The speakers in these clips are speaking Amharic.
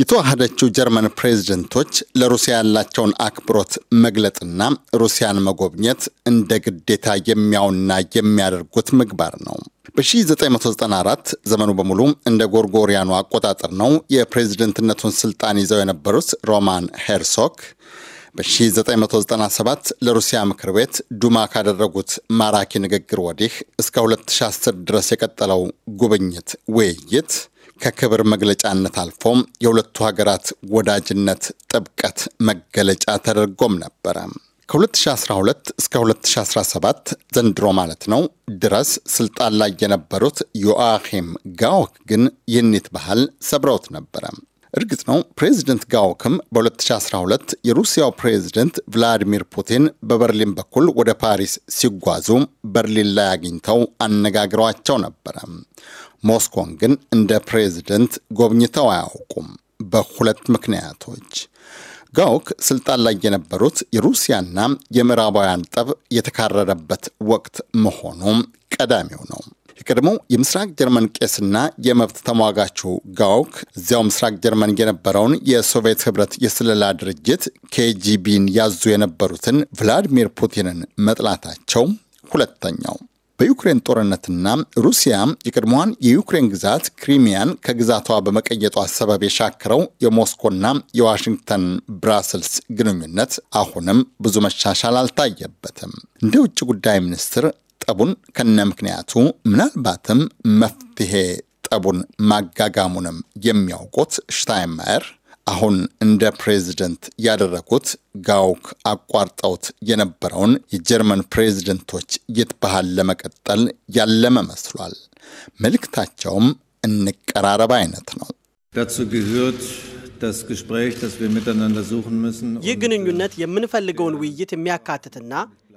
የተዋሃደችው ጀርመን ፕሬዝደንቶች ለሩሲያ ያላቸውን አክብሮት መግለጥና ሩሲያን መጎብኘት እንደ ግዴታ የሚያውና የሚያደርጉት ምግባር ነው። በ1994 ዘመኑ በሙሉ እንደ ጎርጎሪያኑ አቆጣጠር ነው። የፕሬዝደንትነቱን ስልጣን ይዘው የነበሩት ሮማን ሄርሶክ በ1997 ለሩሲያ ምክር ቤት ዱማ ካደረጉት ማራኪ ንግግር ወዲህ እስከ 2010 ድረስ የቀጠለው ጉብኝት ውይይት ከክብር መግለጫነት አልፎም የሁለቱ ሀገራት ወዳጅነት ጥብቀት መገለጫ ተደርጎም ነበረ። ከ2012 እስከ 2017 ዘንድሮ ማለት ነው ድረስ ስልጣን ላይ የነበሩት ዮአኪም ጋዎክ ግን ይህኒት ባህል ሰብረውት ነበረ። እርግጥ ነው ፕሬዚደንት ጋውክም በ2012 የሩሲያው ፕሬዚደንት ቭላዲሚር ፑቲን በበርሊን በኩል ወደ ፓሪስ ሲጓዙ በርሊን ላይ አግኝተው አነጋግረዋቸው ነበረ። ሞስኮን ግን እንደ ፕሬዚደንት ጎብኝተው አያውቁም በሁለት ምክንያቶች ጋውክ ስልጣን ላይ የነበሩት የሩሲያና የምዕራባውያን ጠብ የተካረረበት ወቅት መሆኑ ቀዳሚው ነው። የቀድሞው የምስራቅ ጀርመን ቄስና የመብት ተሟጋቹ ጋውክ እዚያው ምስራቅ ጀርመን የነበረውን የሶቪየት ህብረት የስለላ ድርጅት ኬጂቢን ያዙ የነበሩትን ቭላዲሚር ፑቲንን መጥላታቸው ሁለተኛው። በዩክሬን ጦርነትና ሩሲያ የቀድሞዋን የዩክሬን ግዛት ክሪሚያን ከግዛቷ በመቀየጧ ሰበብ የሻከረው የሞስኮና የዋሽንግተን ብራስልስ ግንኙነት አሁንም ብዙ መሻሻል አልታየበትም። እንደ ውጭ ጉዳይ ሚኒስትር ጠቡን ከነ ምክንያቱ ምናልባትም መፍትሄ ጠቡን ማጋጋሙንም የሚያውቁት ሽታይንማየር አሁን እንደ ፕሬዚደንት ያደረጉት ጋውክ አቋርጠውት የነበረውን የጀርመን ፕሬዚደንቶች ባህል ለመቀጠል ያለመ መስሏል። መልእክታቸውም እንቀራረብ አይነት ነው። ይህ ግንኙነት የምንፈልገውን ውይይት የሚያካትትና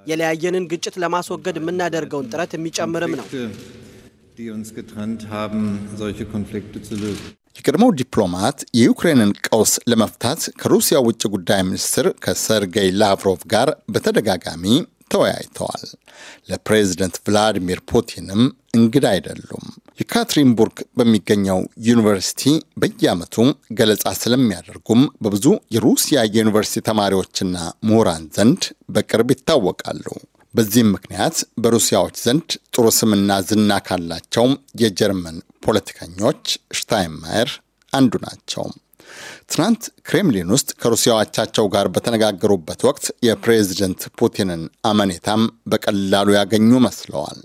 የለያየንን ግጭት ለማስወገድ የምናደርገውን ጥረት የሚጨምርም ነው። የቀድሞው ዲፕሎማት የዩክሬንን ቀውስ ለመፍታት ከሩሲያ ውጭ ጉዳይ ሚኒስትር ከሰርጌይ ላቭሮቭ ጋር በተደጋጋሚ ተወያይተዋል። ለፕሬዝደንት ቭላዲሚር ፑቲንም እንግዳ አይደሉም። የካትሪንቡርግ በሚገኘው ዩኒቨርሲቲ በየዓመቱ ገለጻ ስለሚያደርጉም በብዙ የሩሲያ የዩኒቨርሲቲ ተማሪዎችና ምሁራን ዘንድ በቅርብ ይታወቃሉ። በዚህም ምክንያት በሩሲያዎች ዘንድ ጥሩ ስምና ዝና ካላቸው የጀርመን ፖለቲከኞች ሽታይንማየር አንዱ ናቸው። ትናንት ክሬምሊን ውስጥ ከሩሲያዎቻቸው ጋር በተነጋገሩበት ወቅት የፕሬዝደንት ፑቲንን አመኔታም በቀላሉ ያገኙ መስለዋል።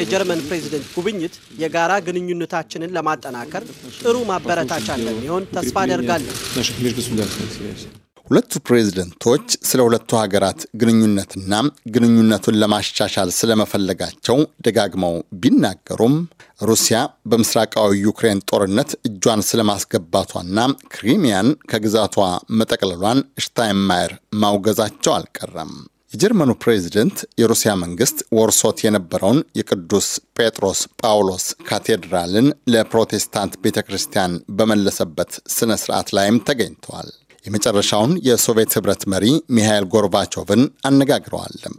የጀርመን ፕሬዚደንት ጉብኝት የጋራ ግንኙነታችንን ለማጠናከር ጥሩ ማበረታቻ እንደሚሆን ተስፋ አደርጋለን። ሁለቱ ፕሬዝደንቶች ስለ ሁለቱ ሀገራት ግንኙነትና ግንኙነቱን ለማሻሻል ስለመፈለጋቸው ደጋግመው ቢናገሩም ሩሲያ በምስራቃዊ ዩክሬን ጦርነት እጇን ስለማስገባቷና ክሪሚያን ከግዛቷ መጠቅለሏን ሽታይንማየር ማውገዛቸው አልቀረም። የጀርመኑ ፕሬዚደንት የሩሲያ መንግስት ወርሶት የነበረውን የቅዱስ ጴጥሮስ ጳውሎስ ካቴድራልን ለፕሮቴስታንት ቤተ ክርስቲያን በመለሰበት ስነ ስርዓት ላይም ተገኝተዋል። የመጨረሻውን የሶቪየት ህብረት መሪ ሚሃኤል ጎርባቾቭን አነጋግረዋለም።